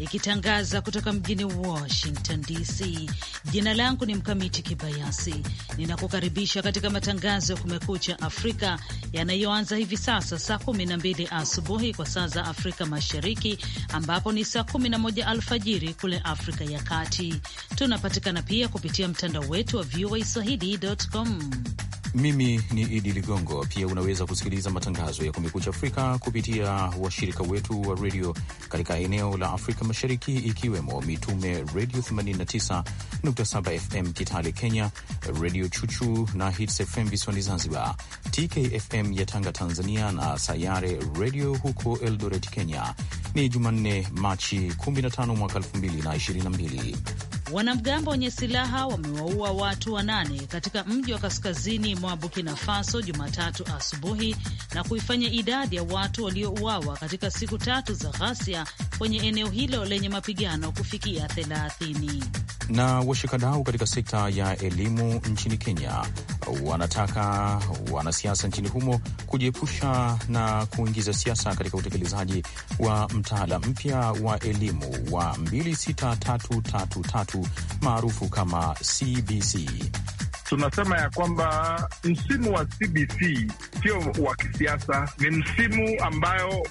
ikitangaza kutoka mjini Washington DC. Jina langu ni Mkamiti Kibayasi, ninakukaribisha katika matangazo ya Kumekucha Afrika yanayoanza hivi sasa saa 12 asubuhi kwa saa za Afrika Mashariki, ambapo ni saa 11 alfajiri kule Afrika ya Kati. Tunapatikana pia kupitia mtandao wetu wa VOA swahili.com. Mimi ni Idi Ligongo. Pia unaweza kusikiliza matangazo ya Kumekucha Afrika kupitia washirika wetu wa redio katika eneo la Afrika Mashariki, ikiwemo Mitume Redio 89.7 FM Kitale Kenya, Redio Chuchu na Hits FM visiwani Zanzibar, TKFM ya Tanga Tanzania, na Sayare Redio huko Eldoret Kenya. Ni Jumanne, Machi 15 mwaka 2022. Wanamgambo wenye silaha wamewaua watu wanane katika mji wa kaskazini mwa Burkina Faso Jumatatu asubuhi na kuifanya idadi ya watu waliouawa katika siku tatu za ghasia kwenye eneo hilo lenye mapigano kufikia thelathini. Na washikadau katika sekta ya elimu nchini Kenya wanataka wanasiasa nchini humo kujiepusha na kuingiza siasa katika utekelezaji wa mtaala mpya wa elimu wa 26333 maarufu kama CBC. Tunasema ya kwamba msimu wa CBC sio wa kisiasa, ni msimu ambayo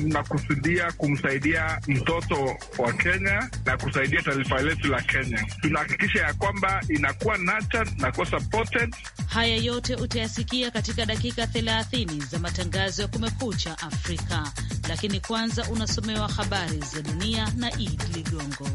unakusudia kumsaidia mtoto wa Kenya na kusaidia taifa letu la Kenya. Tunahakikisha ya kwamba inakuwa nurtured, inakuwa supported. Haya yote utayasikia katika dakika 30 za matangazo ya Kumekucha Afrika, lakini kwanza unasomewa habari za dunia na Id Ligongo.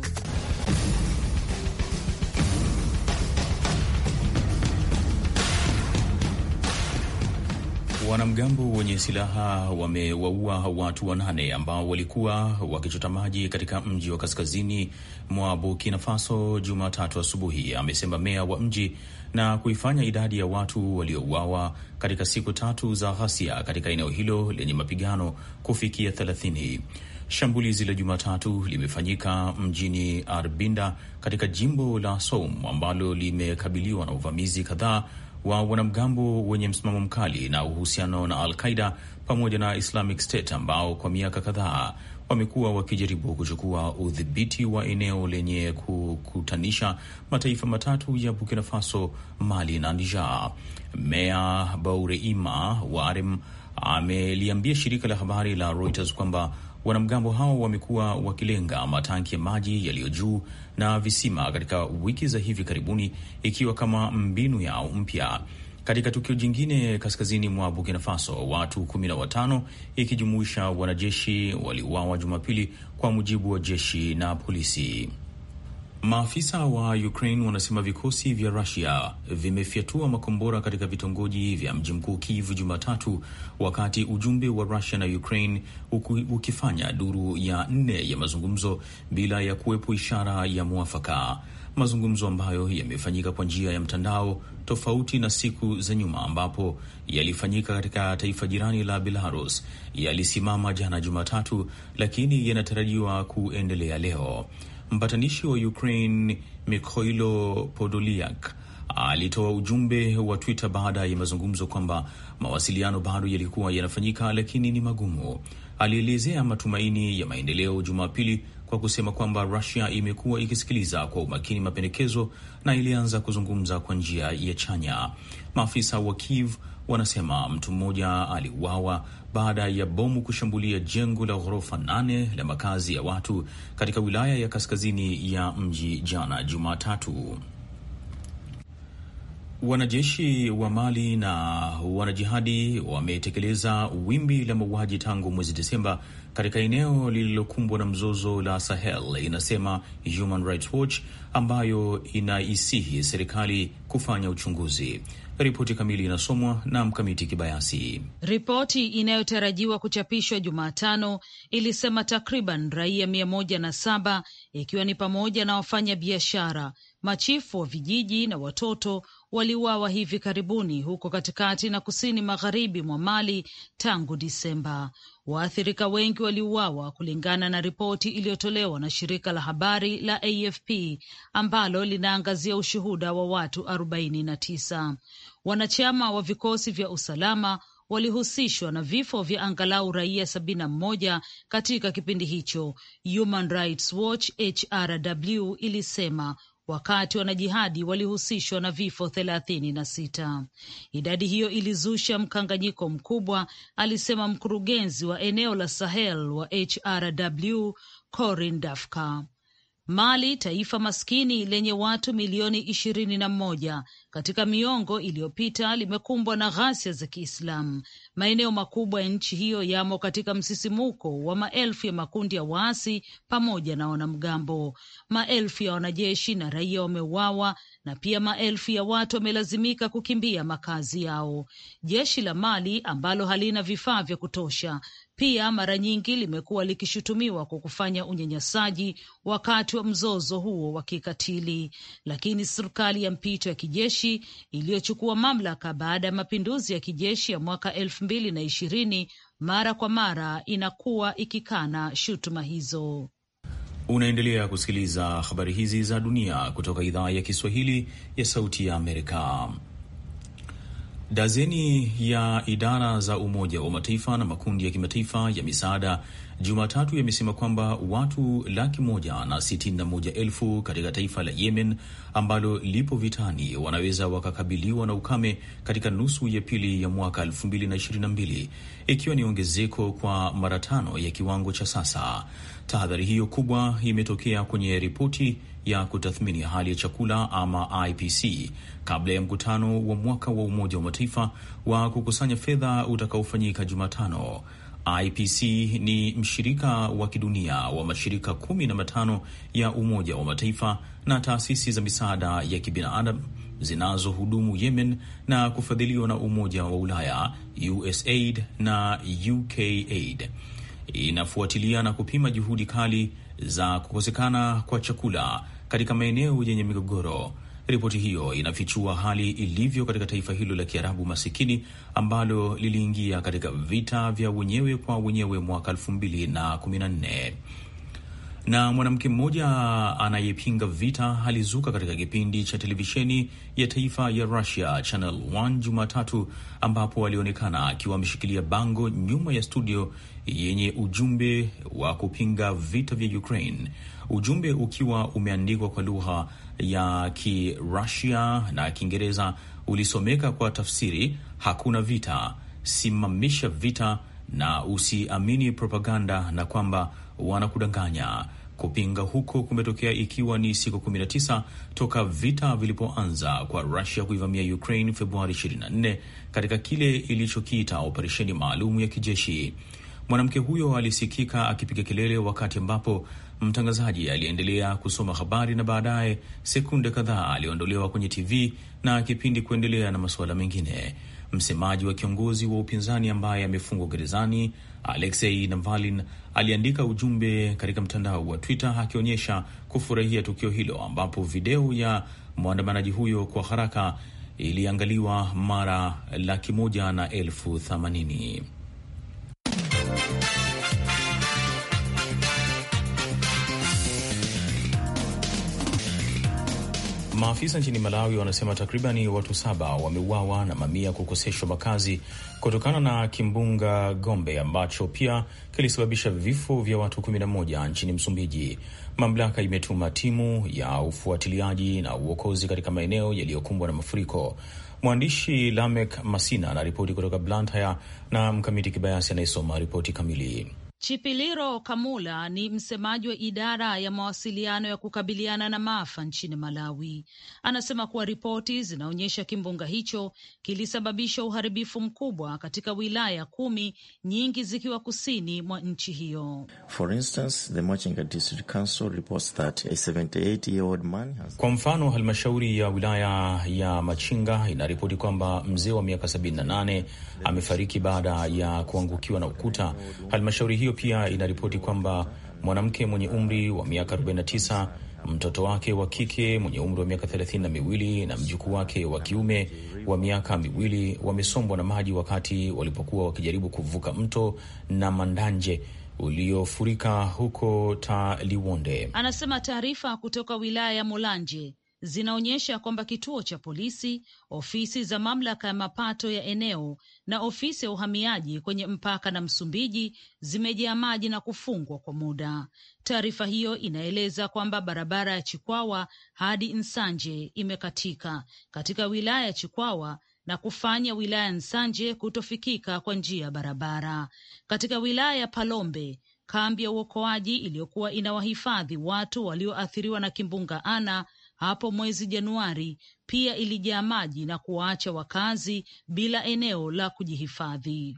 Wanamgambo wenye silaha wamewaua watu wanane ambao walikuwa wakichota maji katika mji wa kaskazini mwa Burkina Faso Jumatatu asubuhi, amesema meya wa mji, na kuifanya idadi ya watu waliouawa katika siku tatu za ghasia katika eneo hilo lenye mapigano kufikia thelathini. Shambulizi la Jumatatu limefanyika mjini Arbinda katika jimbo la Soum ambalo limekabiliwa na uvamizi kadhaa wa wanamgambo wenye msimamo mkali na uhusiano na Al-Qaida pamoja na Islamic State ambao kwa miaka kadhaa wamekuwa wakijaribu kuchukua udhibiti wa eneo lenye kukutanisha mataifa matatu ya Burkina Faso, Mali na Niger. Meya baureima Warem ameliambia shirika la habari la Reuters kwamba Wanamgambo hao wamekuwa wakilenga matanki ya maji yaliyo juu na visima katika wiki za hivi karibuni, ikiwa kama mbinu yao mpya. Katika tukio jingine kaskazini mwa Burkina Faso, watu kumi na watano ikijumuisha wanajeshi waliuawa Jumapili, kwa mujibu wa jeshi na polisi. Maafisa wa Ukraine wanasema vikosi vya Rusia vimefyatua makombora katika vitongoji vya mji mkuu Kiev Jumatatu, wakati ujumbe wa Rusia na Ukraine ukifanya duru ya nne ya mazungumzo bila ya kuwepo ishara ya mwafaka, mazungumzo ambayo yamefanyika kwa njia ya mtandao tofauti na siku za nyuma ambapo yalifanyika katika taifa jirani la Belarus yalisimama jana Jumatatu, lakini yanatarajiwa kuendelea leo mpatanishi wa Ukraine Mikhailo podoliak alitoa ujumbe wa Twitter baada ya mazungumzo kwamba mawasiliano bado yalikuwa yanafanyika lakini ni magumu. Alielezea matumaini ya maendeleo Jumapili kwa kusema kwamba Rusia imekuwa ikisikiliza kwa umakini mapendekezo na ilianza kuzungumza kwa njia ya chanya. Maafisa wa Kiev wanasema mtu mmoja aliuawa baada ya bomu kushambulia jengo la ghorofa nane la makazi ya watu katika wilaya ya kaskazini ya mji jana Jumatatu. Wanajeshi wa Mali na wanajihadi wametekeleza wimbi la mauaji tangu mwezi Desemba katika eneo lililokumbwa na mzozo la Sahel, inasema Human Rights Watch ambayo inaisihi serikali kufanya uchunguzi. Ripoti kamili inasomwa na Mkamiti Kibayasi. Ripoti inayotarajiwa kuchapishwa Jumatano ilisema takriban raia mia moja na saba ikiwa ni pamoja na wafanya biashara, machifu wa vijiji na watoto waliuawa hivi karibuni huko katikati na kusini magharibi mwa Mali tangu Disemba. Waathirika wengi waliuawa kulingana na ripoti iliyotolewa na shirika la habari la AFP ambalo linaangazia ushuhuda wa watu 49. Wanachama wa vikosi vya usalama walihusishwa na vifo vya angalau raia sabini na katika kipindi hicho, Human Rights Watch HRW ilisema wakati wanajihadi walihusishwa na vifo thelathini na sita. Idadi hiyo ilizusha mkanganyiko mkubwa, alisema mkurugenzi wa eneo la Sahel wa HRW Corin Dafka. Mali, taifa maskini lenye watu milioni ishirini na moja, katika miongo iliyopita limekumbwa na ghasia za Kiislamu. Maeneo makubwa ya nchi hiyo yamo katika msisimuko wa maelfu ya makundi ya waasi pamoja na wanamgambo. Maelfu ya wanajeshi na raia wameuawa na pia maelfu ya watu wamelazimika kukimbia makazi yao. Jeshi la Mali ambalo halina vifaa vya kutosha pia mara nyingi limekuwa likishutumiwa kwa kufanya unyanyasaji wakati wa mzozo huo wa kikatili, lakini serikali ya mpito ya kijeshi iliyochukua mamlaka baada ya mapinduzi ya kijeshi ya mwaka elfu mbili na ishirini mara kwa mara inakuwa ikikana shutuma hizo. Unaendelea kusikiliza habari hizi za dunia kutoka idhaa ya Kiswahili ya Sauti ya Amerika. Dazeni ya idara za Umoja wa Mataifa na makundi ya kimataifa ya misaada Jumatatu yamesema kwamba watu laki moja na sitini na moja elfu katika taifa la Yemen ambalo lipo vitani wanaweza wakakabiliwa na ukame katika nusu ya pili ya mwaka 2022 ikiwa ni ongezeko kwa mara tano ya kiwango cha sasa. Tahadhari hiyo kubwa imetokea kwenye ripoti ya kutathmini hali ya chakula ama IPC kabla ya mkutano wa mwaka wa Umoja wa Mataifa wa kukusanya fedha utakaofanyika Jumatano. IPC ni mshirika wa kidunia wa mashirika kumi na matano ya Umoja wa Mataifa na taasisi za misaada ya kibinadamu zinazohudumu Yemen na kufadhiliwa na Umoja wa Ulaya, USAID na UKAID. Inafuatilia na kupima juhudi kali za kukosekana kwa chakula katika maeneo yenye migogoro. Ripoti hiyo inafichua hali ilivyo katika taifa hilo la Kiarabu masikini ambalo liliingia katika vita vya wenyewe kwa wenyewe mwaka elfu mbili na kumi na nne na mwanamke mmoja anayepinga vita alizuka katika kipindi cha televisheni ya taifa ya Russia Channel 1 Jumatatu, ambapo alionekana akiwa ameshikilia bango nyuma ya studio yenye ujumbe wa kupinga vita vya Ukraine, ujumbe ukiwa umeandikwa kwa lugha ya Kirusia na Kiingereza ulisomeka kwa tafsiri: hakuna vita, simamisha vita na usiamini propaganda, na kwamba wanakudanganya. Kupinga huko kumetokea ikiwa ni siku 19 toka vita vilipoanza kwa Rusia kuivamia Ukraine Februari 24 katika kile ilichokiita operesheni maalum ya kijeshi. Mwanamke huyo alisikika akipiga kelele wakati ambapo mtangazaji aliendelea kusoma habari na baadaye, sekunde kadhaa, aliondolewa kwenye TV na kipindi kuendelea na masuala mengine. Msemaji wa kiongozi wa upinzani ambaye amefungwa gerezani Alexei navalin aliandika ujumbe katika mtandao wa Twitter akionyesha kufurahia tukio hilo, ambapo video ya mwandamanaji huyo kwa haraka iliangaliwa mara laki moja na elfu themanini. Maafisa nchini Malawi wanasema takribani watu saba wameuawa na mamia kukoseshwa makazi kutokana na kimbunga Gombe ambacho pia kilisababisha vifo vya watu 11 nchini Msumbiji. Mamlaka imetuma timu ya ufuatiliaji na uokozi katika maeneo yaliyokumbwa na mafuriko. Mwandishi Lamek Masina anaripoti kutoka Blantyre na Mkamiti Kibayasi anayesoma ripoti kamili. Chipiliro Kamula ni msemaji wa idara ya mawasiliano ya kukabiliana na maafa nchini Malawi. Anasema kuwa ripoti zinaonyesha kimbunga hicho kilisababisha uharibifu mkubwa katika wilaya kumi, nyingi zikiwa kusini mwa nchi hiyo. For instance, the Machinga District Council reports that a 78-year-old man has... Kwa mfano, halmashauri ya wilaya ya Machinga inaripoti kwamba mzee wa miaka 78 amefariki baada ya kuangukiwa na ukuta. Halmashauri hiyo Ethiopia inaripoti kwamba mwanamke mwenye umri wa miaka 49, mtoto wake wa kike mwenye umri wa miaka thelathini na miwili na mjukuu wake wa kiume wa miaka miwili wamesombwa na maji wakati walipokuwa wakijaribu kuvuka mto na Mandanje uliofurika huko Taliwonde, anasema taarifa kutoka wilaya ya Molanje zinaonyesha kwamba kituo cha polisi, ofisi za mamlaka ya mapato ya eneo na ofisi ya uhamiaji kwenye mpaka na Msumbiji zimejaa maji na kufungwa kwa muda. Taarifa hiyo inaeleza kwamba barabara ya Chikwawa hadi Nsanje imekatika katika wilaya ya Chikwawa na kufanya wilaya Nsanje kutofikika kwa njia ya barabara. Katika wilaya ya Palombe, kambi ya uokoaji iliyokuwa inawahifadhi watu walioathiriwa na kimbunga Ana hapo mwezi Januari pia ilijaa maji na kuwaacha wakazi bila eneo la kujihifadhi.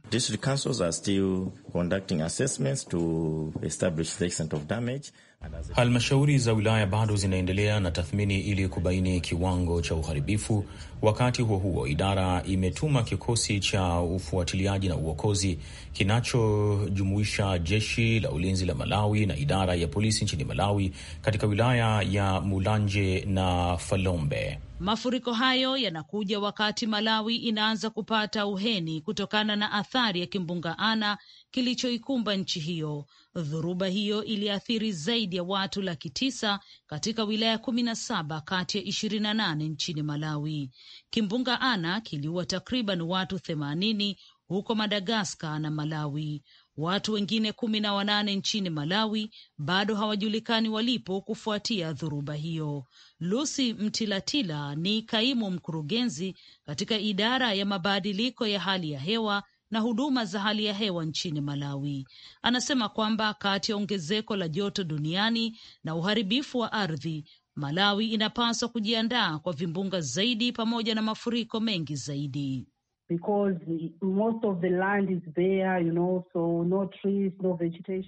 Halmashauri za wilaya bado zinaendelea na tathmini ili kubaini kiwango cha uharibifu Wakati huo huo, idara imetuma kikosi cha ufuatiliaji na uokozi kinachojumuisha jeshi la ulinzi la Malawi na idara ya polisi nchini Malawi katika wilaya ya Mulanje na Falombe. Mafuriko hayo yanakuja wakati Malawi inaanza kupata uheni kutokana na athari ya kimbunga Ana kilichoikumba nchi hiyo. Dhuruba hiyo iliathiri zaidi ya watu laki tisa katika wilaya kumi na saba kati ya ishirini na nane nchini Malawi. Kimbunga Ana kiliua takriban watu themanini huko Madagaskar na Malawi. Watu wengine kumi na wanane nchini Malawi bado hawajulikani walipo kufuatia dhuruba hiyo. Lucy Mtilatila ni kaimu mkurugenzi katika idara ya mabadiliko ya hali ya hewa na huduma za hali ya hewa nchini Malawi. Anasema kwamba kati ya ongezeko la joto duniani na uharibifu wa ardhi, Malawi inapaswa kujiandaa kwa vimbunga zaidi pamoja na mafuriko mengi zaidi.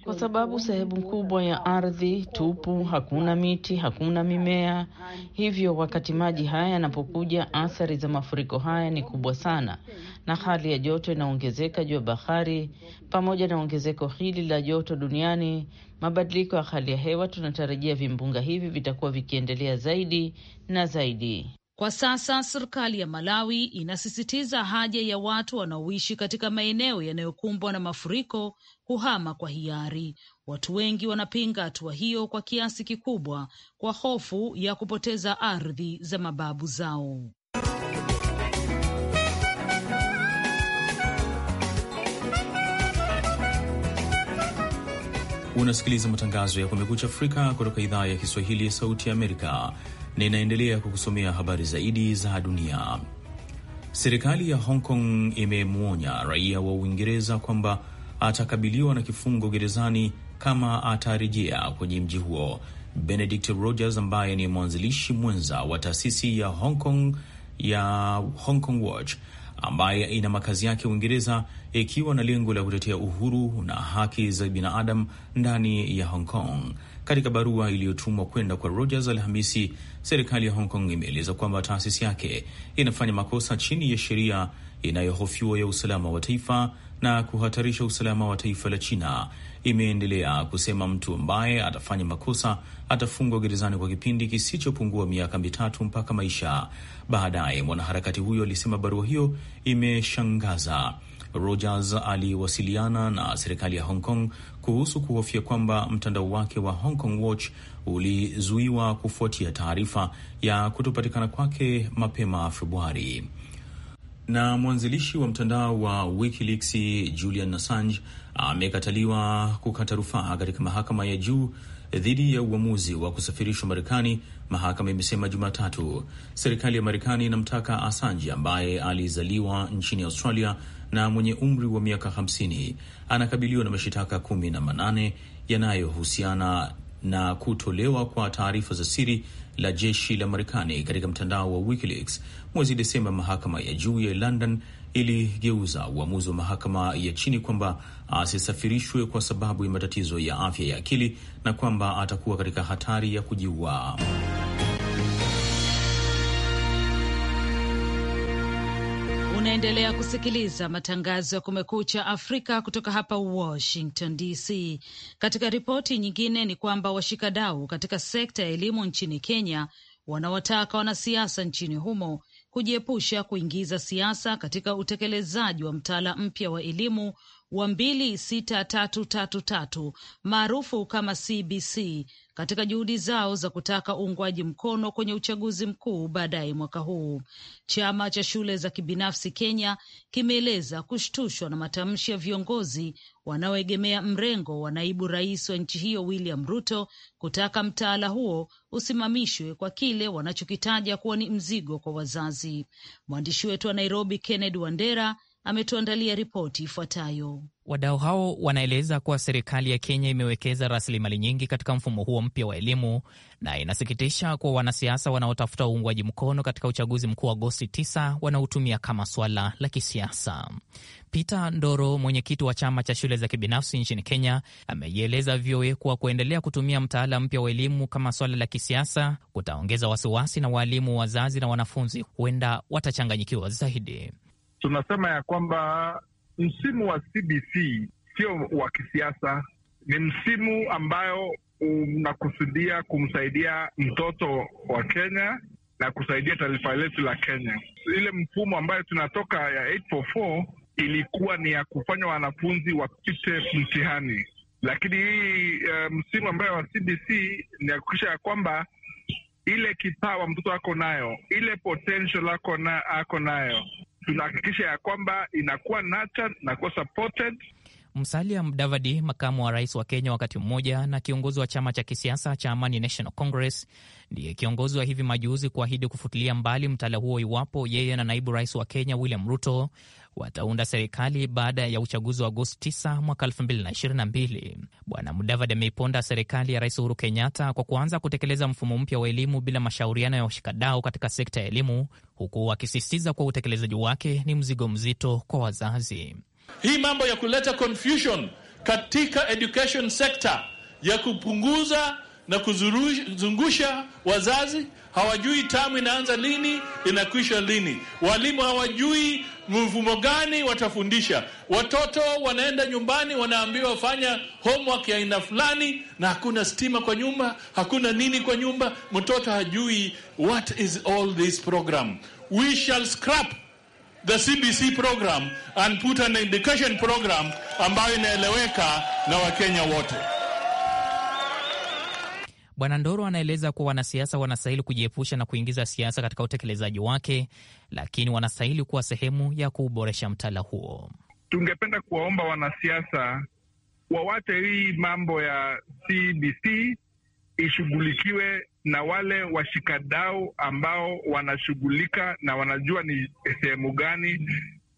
Kwa sababu sehemu kubwa ya ardhi tupu, hakuna miti, hakuna mimea. Hivyo wakati maji haya yanapokuja, athari za mafuriko haya ni kubwa sana, na hali ya joto inaongezeka juu ya bahari. Pamoja na ongezeko hili la joto duniani, mabadiliko ya hali ya hewa, tunatarajia vimbunga hivi vitakuwa vikiendelea zaidi na zaidi. Kwa sasa serikali ya Malawi inasisitiza haja ya watu wanaoishi katika maeneo yanayokumbwa na mafuriko kuhama kwa hiari. Watu wengi wanapinga hatua hiyo kwa kiasi kikubwa kwa hofu ya kupoteza ardhi za mababu zao. Unasikiliza matangazo ya Kumekucha Afrika kutoka idhaa ya Kiswahili ya Sauti ya Amerika. Ninaendelea kukusomea habari zaidi za dunia. Serikali ya Hong Kong imemwonya raia wa Uingereza kwamba atakabiliwa na kifungo gerezani kama atarejea kwenye mji huo. Benedict Rogers ambaye ni mwanzilishi mwenza wa taasisi ya Hong Kong ya Hong Kong Watch ambaye ina makazi yake Uingereza, ikiwa na lengo la kutetea uhuru na haki za binadamu ndani ya Hong Kong. Katika barua iliyotumwa kwenda kwa Rogers Alhamisi, serikali ya Hong Kong imeeleza kwamba taasisi yake inafanya makosa chini ya sheria inayohofiwa ya usalama wa taifa na kuhatarisha usalama wa taifa la China. Imeendelea kusema mtu ambaye atafanya makosa atafungwa gerezani kwa kipindi kisichopungua miaka mitatu mpaka maisha. Baadaye mwanaharakati huyo alisema barua hiyo imeshangaza. Rogers aliwasiliana na serikali ya Hong Kong kuhusu kuhofia kwamba mtandao wake wa Hong Kong Watch ulizuiwa kufuatia taarifa ya kutopatikana kwake mapema Februari na mwanzilishi wa mtandao wa WikiLeaks Julian Assange amekataliwa kukata rufaa katika mahakama ya juu dhidi ya uamuzi wa kusafirishwa Marekani, mahakama imesema Jumatatu. Serikali ya Marekani inamtaka Assange ambaye alizaliwa nchini Australia na mwenye umri wa miaka 50 anakabiliwa na mashitaka kumi na manane yanayohusiana na kutolewa kwa taarifa za siri la jeshi la Marekani katika mtandao wa WikiLeaks. Mwezi Desemba, mahakama ya juu ya London iligeuza uamuzi wa mahakama ya chini kwamba asisafirishwe kwa sababu ya matatizo ya afya ya akili na kwamba atakuwa katika hatari ya kujiua. Unaendelea kusikiliza matangazo ya Kumekucha Afrika kutoka hapa Washington DC. Katika ripoti nyingine ni kwamba washikadau katika sekta ya elimu nchini Kenya wanawataka wanasiasa nchini humo kujiepusha kuingiza siasa katika utekelezaji wa mtaala mpya wa elimu wa 26333 maarufu kama CBC katika juhudi zao za kutaka uungwaji mkono kwenye uchaguzi mkuu baadaye mwaka huu. Chama cha shule za kibinafsi Kenya kimeeleza kushtushwa na matamshi ya viongozi wanaoegemea mrengo wa naibu rais wa nchi hiyo William Ruto kutaka mtaala huo usimamishwe kwa kile wanachokitaja kuwa ni mzigo kwa wazazi. Mwandishi wetu wa Nairobi Kennedy Wandera ametuandalia ripoti ifuatayo. Wadau hao wanaeleza kuwa serikali ya Kenya imewekeza rasilimali nyingi katika mfumo huo mpya wa elimu, na inasikitisha kuwa wanasiasa wanaotafuta uungwaji mkono katika uchaguzi mkuu wa Agosti 9 wanautumia kama swala la kisiasa. Peter Ndoro, mwenyekiti wa chama cha shule za kibinafsi nchini Kenya, ameieleza VOA kuwa kuendelea kutumia mtaala mpya wa elimu kama swala la kisiasa kutaongeza wasiwasi, na waalimu, wazazi na wanafunzi huenda watachanganyikiwa zaidi tunasema ya kwamba msimu wa CBC sio wa kisiasa, ni msimu ambayo unakusudia kumsaidia mtoto wa Kenya na kusaidia taifa letu la Kenya. Ile mfumo ambayo tunatoka ya 844 ilikuwa ni ya kufanya wanafunzi wapite mtihani, lakini hii uh, msimu ambayo wa CBC ni hakikisha ya kwamba ile kipawa mtoto ako nayo, ile potential ako na, ako nayo tunahakikisha ya kwamba inakuwa nurtured, inakuwa supported msalia mdavadi makamu wa rais wa Kenya wakati mmoja na kiongozi wa chama cha kisiasa cha Amani National Congress, ndiye kiongozi wa hivi majuzi kuahidi kufutilia mbali mtala huo iwapo yeye na naibu rais wa Kenya William Ruto wataunda serikali baada ya uchaguzi wa Agosti 9 mwaka 2022. Bwana Mudavadi ameiponda serikali ya Rais Uhuru Kenyatta kwa kuanza kutekeleza mfumo mpya wa elimu bila mashauriano ya washikadau katika sekta ya elimu, huku akisisitiza kuwa utekelezaji wake ni mzigo mzito kwa wazazi. Hii mambo ya kuleta confusion katika education sector ya kupunguza na kuzungusha wazazi, hawajui tamu inaanza lini inakwisha lini, walimu hawajui mfumo gani watafundisha, watoto wanaenda nyumbani wanaambiwa fanya homework ya aina fulani, na hakuna stima kwa nyumba, hakuna nini kwa nyumba, mtoto hajui what is all this program. We shall scrap the CBC program and put an education program ambayo inaeleweka na Wakenya wote. Bwana Ndoro anaeleza kuwa wanasiasa wanastahili kujiepusha na kuingiza siasa katika utekelezaji wake, lakini wanastahili kuwa sehemu ya kuuboresha mtaala huo. Tungependa kuwaomba wanasiasa wawate hii mambo ya CBC ishughulikiwe na wale washikadau ambao wanashughulika na wanajua ni sehemu gani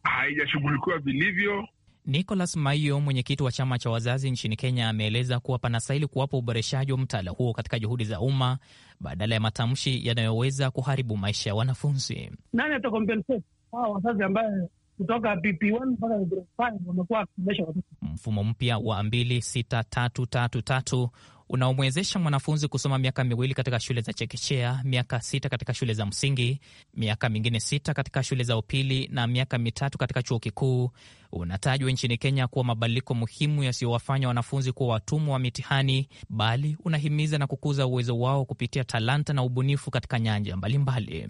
haijashughulikiwa vilivyo. Nicholas Maiyo, mwenyekiti wa chama cha wazazi nchini Kenya, ameeleza kuwa panastahili kuwapo uboreshaji wa mtaala huo katika juhudi za umma badala ya matamshi yanayoweza kuharibu maisha ya wanafunzi. Nani atakompensa hawa wazazi ambaye kutoka PP1 mpaka wamekuwa wakisomesha watoto? Mfumo mpya wa mbili sita tatu tatu tatu unaomwezesha mwanafunzi kusoma miaka miwili katika shule za chekechea, miaka sita katika shule za msingi, miaka mingine sita katika shule za upili na miaka mitatu katika chuo kikuu, unatajwa nchini Kenya kuwa mabadiliko muhimu yasiyowafanya wanafunzi kuwa watumwa wa mitihani, bali unahimiza na kukuza uwezo wao kupitia talanta na ubunifu katika nyanja mbalimbali.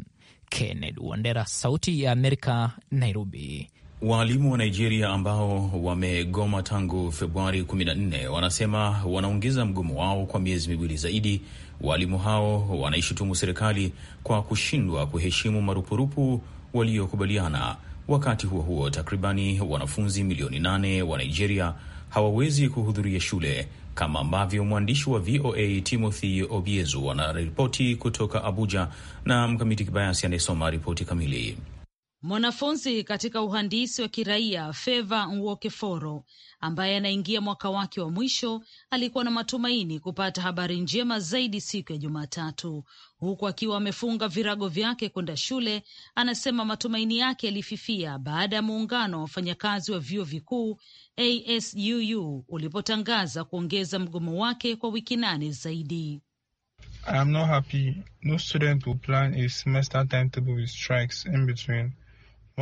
Kennedy Wandera, Sauti ya Amerika, Nairobi. Waalimu wa Nigeria ambao wamegoma tangu Februari 14 wanasema wanaongeza mgomo wao kwa miezi miwili zaidi. Waalimu hao wanaishutumu serikali kwa kushindwa kuheshimu marupurupu waliokubaliana. Wakati huo huo, takribani wanafunzi milioni nane wa Nigeria hawawezi kuhudhuria shule kama ambavyo mwandishi wa VOA Timothy Obiezu anaripoti kutoka Abuja na Mkamiti Kibayasi anayesoma ripoti kamili. Mwanafunzi katika uhandisi wa kiraia Feva Nwokeforo ambaye anaingia mwaka wake wa mwisho alikuwa na matumaini kupata habari njema zaidi siku ya Jumatatu, huku akiwa amefunga virago vyake kwenda shule. Anasema matumaini yake yalififia baada ya muungano wa wafanyakazi wa vyuo vikuu ASUU ulipotangaza kuongeza mgomo wake kwa wiki nane zaidi. I am not happy. No student will plan a semester timetable with strikes in between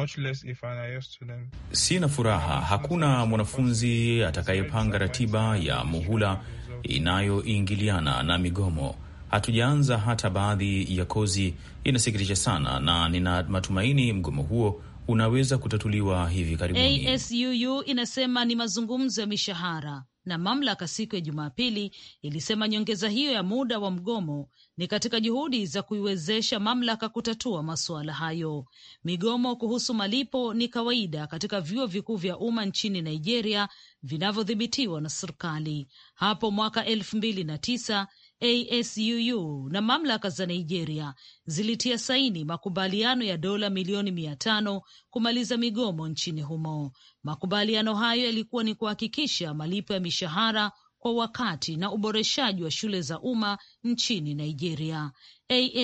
much less if student. Sina furaha. Hakuna mwanafunzi atakayepanga ratiba ya muhula inayoingiliana na migomo. Hatujaanza hata baadhi ya kozi. Inasikitisha sana, na nina matumaini mgomo huo unaweza kutatuliwa hivi karibuni. ASUU inasema ni mazungumzo ya mishahara na mamlaka siku ya Jumapili ilisema nyongeza hiyo ya muda wa mgomo ni katika juhudi za kuiwezesha mamlaka kutatua masuala hayo. Migomo kuhusu malipo ni kawaida katika vyuo vikuu vya umma nchini Nigeria vinavyodhibitiwa na serikali. Hapo mwaka elfu mbili na tisa ASUU na mamlaka za Nigeria zilitia saini makubaliano ya dola milioni mia tano kumaliza migomo nchini humo. Makubaliano hayo yalikuwa ni kuhakikisha malipo ya mishahara kwa wakati na uboreshaji wa shule za umma nchini Nigeria.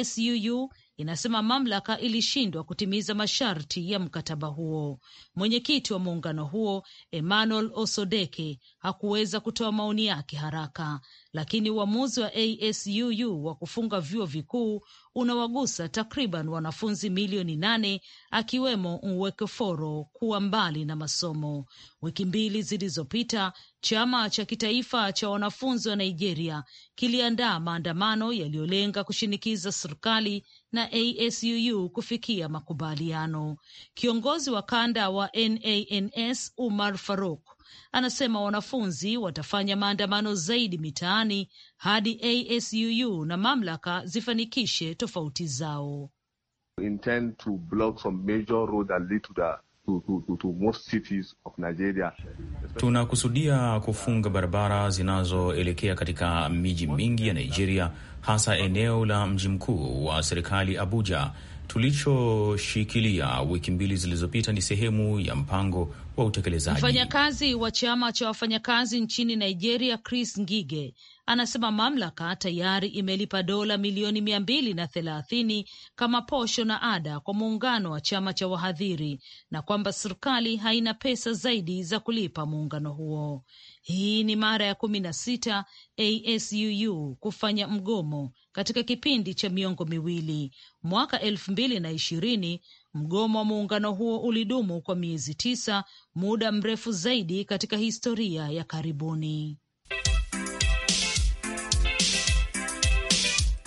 ASUU inasema mamlaka ilishindwa kutimiza masharti ya mkataba huo. Mwenyekiti wa muungano huo Emmanuel Osodeke hakuweza kutoa maoni yake haraka, lakini uamuzi wa ASUU wa kufunga vyuo vikuu unawagusa takriban wanafunzi milioni nane akiwemo Nwekeforo kuwa mbali na masomo. Wiki mbili zilizopita Chama cha kitaifa cha wanafunzi wa Nigeria kiliandaa maandamano yaliyolenga kushinikiza serikali na ASUU kufikia makubaliano. Kiongozi wa kanda wa NANS Umar Faruk anasema wanafunzi watafanya maandamano zaidi mitaani hadi ASUU na mamlaka zifanikishe tofauti zao. Intend to block some major road that lead to the Tunakusudia kufunga barabara zinazoelekea katika miji mingi ya Nigeria, hasa eneo la mji mkuu wa serikali Abuja. Tulichoshikilia wiki mbili zilizopita ni sehemu ya mpango wa utekelezaji. Mfanyakazi wa chama cha wafanyakazi nchini Nigeria, Chris Ngige, anasema mamlaka tayari imelipa dola milioni mia mbili na thelathini kama posho na ada kwa muungano wa chama cha wahadhiri na kwamba serikali haina pesa zaidi za kulipa muungano huo. Hii ni mara ya kumi na sita ASUU kufanya mgomo katika kipindi cha miongo miwili. Mwaka elfu mbili na ishirini Mgomo wa muungano huo ulidumu kwa miezi tisa, muda mrefu zaidi katika historia ya karibuni.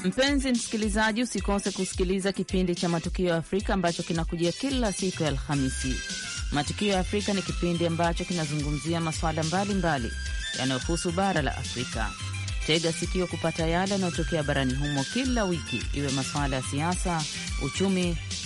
Mpenzi msikilizaji, usikose kusikiliza kipindi cha Matukio ya Afrika ambacho kinakujia kila siku ya Alhamisi. Matukio ya Afrika ni kipindi ambacho kinazungumzia masuala mbalimbali yanayohusu bara la Afrika. Tega sikio kupata yale yanayotokea barani humo kila wiki, iwe masuala ya siasa, uchumi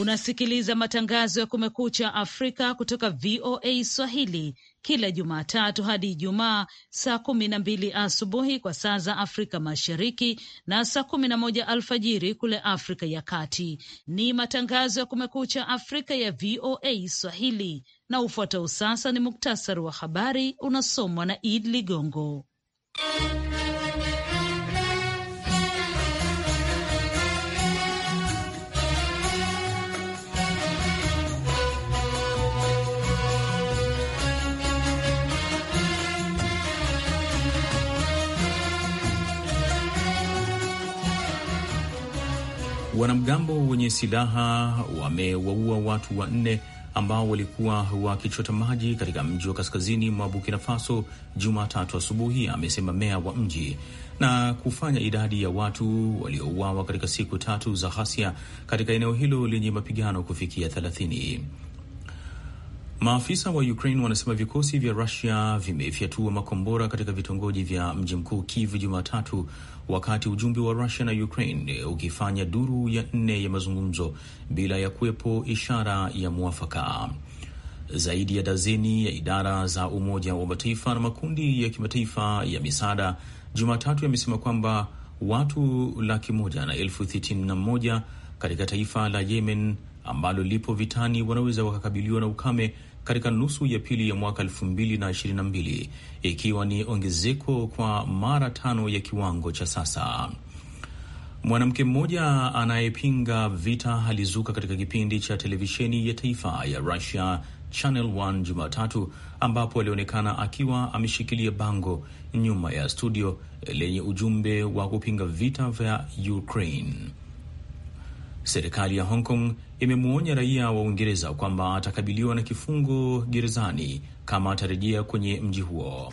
Unasikiliza matangazo ya Kumekucha Afrika kutoka VOA Swahili kila Jumatatu hadi Ijumaa saa kumi na mbili asubuhi kwa saa za Afrika Mashariki na saa kumi na moja alfajiri kule Afrika ya Kati. Ni matangazo ya Kumekucha Afrika ya VOA Swahili na ufuatao sasa ni muktasari wa habari unasomwa na Id Ligongo. Wanamgambo wenye silaha wamewaua watu wanne ambao walikuwa wakichota maji katika mji wa kaskazini mwa Burkina Faso Jumatatu asubuhi, amesema meya wa mji, na kufanya idadi ya watu waliouawa katika siku tatu za ghasia katika eneo hilo lenye mapigano kufikia thelathini. Maafisa wa Ukraine wanasema vikosi vya Rusia vimefyatua makombora katika vitongoji vya mji mkuu Kiev Jumatatu, wakati ujumbe wa Rusia na Ukraine ukifanya duru ya nne ya mazungumzo bila ya kuwepo ishara ya mwafaka. Zaidi ya dazeni ya idara za Umoja wa Mataifa na makundi ya kimataifa ya misaada Jumatatu yamesema kwamba watu laki moja na elfu sitini na moja katika taifa la Yemen ambalo lipo vitani wanaweza wakakabiliwa na ukame katika nusu ya pili ya mwaka 2022 ikiwa ni ongezeko kwa mara tano ya kiwango cha sasa. Mwanamke mmoja anayepinga vita alizuka katika kipindi cha televisheni ya taifa ya Russia Channel 1 Jumatatu, ambapo alionekana akiwa ameshikilia bango nyuma ya studio lenye ujumbe wa kupinga vita vya Ukraine. Serikali ya Hong Kong imemwonya raia wa Uingereza kwamba atakabiliwa na kifungo gerezani kama atarejea kwenye mji huo.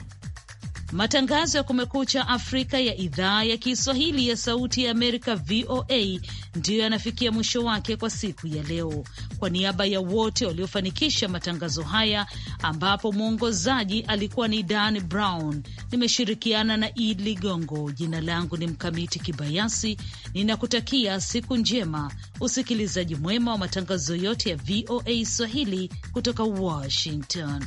Matangazo ya Kumekucha Afrika ya idhaa ya Kiswahili ya Sauti ya Amerika, VOA, ndiyo yanafikia mwisho wake kwa siku ya leo. Kwa niaba ya wote waliofanikisha matangazo haya, ambapo mwongozaji alikuwa ni Dan Brown, nimeshirikiana na Ed Ligongo. Jina langu ni Mkamiti Kibayasi, ninakutakia siku njema, usikilizaji mwema wa matangazo yote ya VOA Swahili kutoka Washington.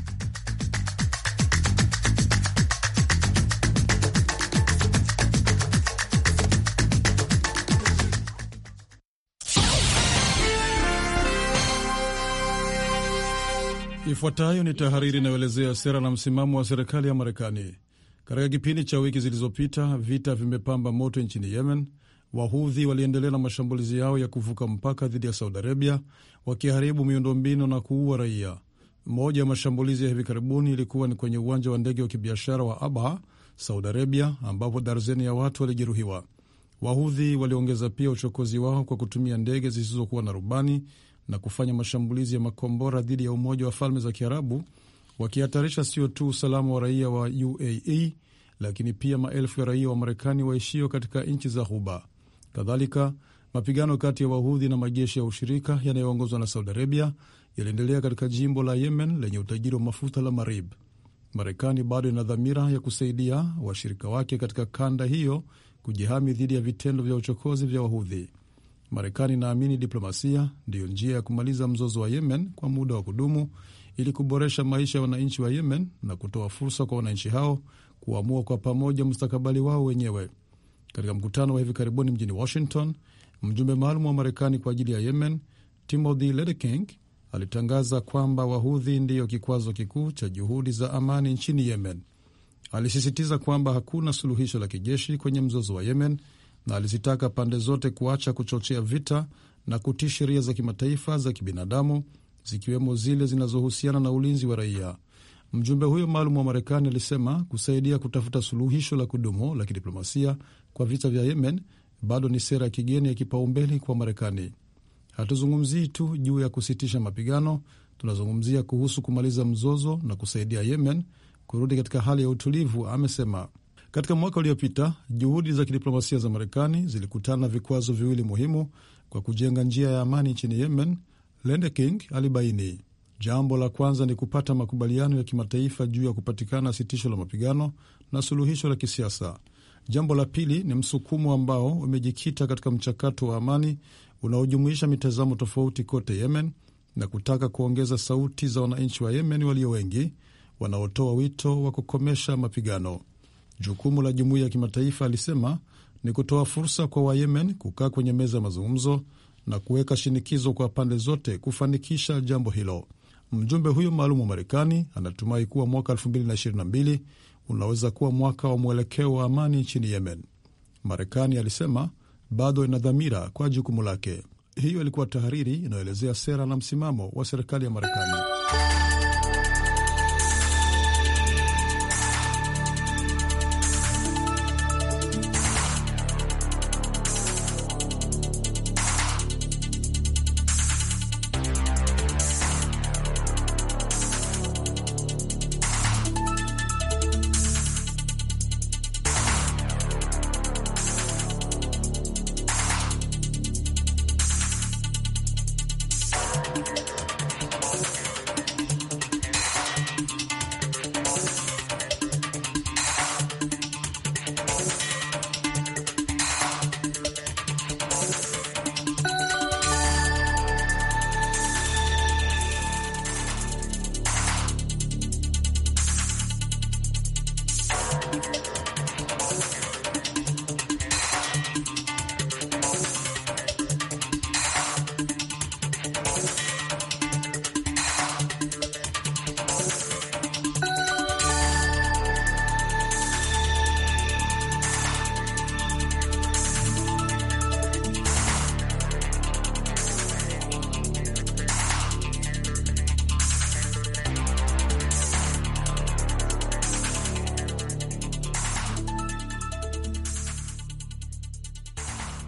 Ifuatayo ni tahariri inayoelezea sera na msimamo wa serikali ya Marekani. Katika kipindi cha wiki zilizopita, vita vimepamba moto nchini Yemen. Wahudhi waliendelea na mashambulizi yao ya kuvuka mpaka dhidi ya Saudi Arabia, wakiharibu miundombinu na kuua raia. Moja ya mashambulizi ya hivi karibuni ilikuwa ni kwenye uwanja wa ndege wa kibiashara wa Abha, Saudi Arabia, ambapo darzeni ya watu walijeruhiwa. Wahudhi waliongeza pia uchokozi wao kwa kutumia ndege zisizokuwa na rubani na kufanya mashambulizi ya makombora dhidi ya Umoja wa Falme za Kiarabu, wakihatarisha sio tu usalama wa raia wa UAE lakini pia maelfu ya raia wa Marekani waishio katika nchi za Ghuba. Kadhalika, mapigano kati ya Wahudhi na majeshi ya ushirika yanayoongozwa na Saudi Arabia yaliendelea katika jimbo la Yemen lenye utajiri wa mafuta la Marib. Marekani bado ina dhamira ya kusaidia washirika wake katika kanda hiyo kujihami dhidi ya vitendo vya uchokozi vya Wahudhi. Marekani inaamini diplomasia ndiyo njia ya kumaliza mzozo wa Yemen kwa muda wa kudumu ili kuboresha maisha ya wananchi wa Yemen na kutoa fursa kwa wananchi hao kuamua kwa pamoja mustakabali wao wenyewe. Katika mkutano wa hivi karibuni mjini Washington, mjumbe maalum wa Marekani kwa ajili ya Yemen Timothy Ledeking alitangaza kwamba Wahudhi ndiyo kikwazo kikuu cha juhudi za amani nchini Yemen. Alisisitiza kwamba hakuna suluhisho la kijeshi kwenye mzozo wa Yemen na alizitaka pande zote kuacha kuchochea vita na kutii sheria za kimataifa za kibinadamu zikiwemo zile zinazohusiana na ulinzi wa raia. Mjumbe huyo maalum wa Marekani alisema kusaidia kutafuta suluhisho la kudumu la kidiplomasia kwa vita vya Yemen bado ni sera ya kigeni ya kipaumbele kwa Marekani. Hatuzungumzii tu juu ya kusitisha mapigano, tunazungumzia kuhusu kumaliza mzozo na kusaidia Yemen kurudi katika hali ya utulivu, amesema. Katika mwaka uliopita, juhudi za kidiplomasia za Marekani zilikutana vikwazo viwili muhimu kwa kujenga njia ya amani nchini Yemen, Lende King alibaini. Jambo la kwanza ni kupata makubaliano ya kimataifa juu ya kupatikana sitisho la mapigano na suluhisho la kisiasa. Jambo la pili ni msukumo ambao umejikita katika mchakato wa amani unaojumuisha mitazamo tofauti kote Yemen na kutaka kuongeza sauti za wananchi wa Yemen walio wengi wanaotoa wito wa kukomesha mapigano. Jukumu la jumuiya ya kimataifa, alisema, ni kutoa fursa kwa Wayemen kukaa kwenye meza ya mazungumzo na kuweka shinikizo kwa pande zote kufanikisha jambo hilo. Mjumbe huyo maalum wa Marekani anatumai kuwa mwaka 2022 unaweza kuwa mwaka wa mwelekeo wa amani nchini Yemen. Marekani, alisema, bado ina dhamira kwa jukumu lake. Hiyo ilikuwa tahariri inayoelezea sera na msimamo wa serikali ya Marekani. Thank you.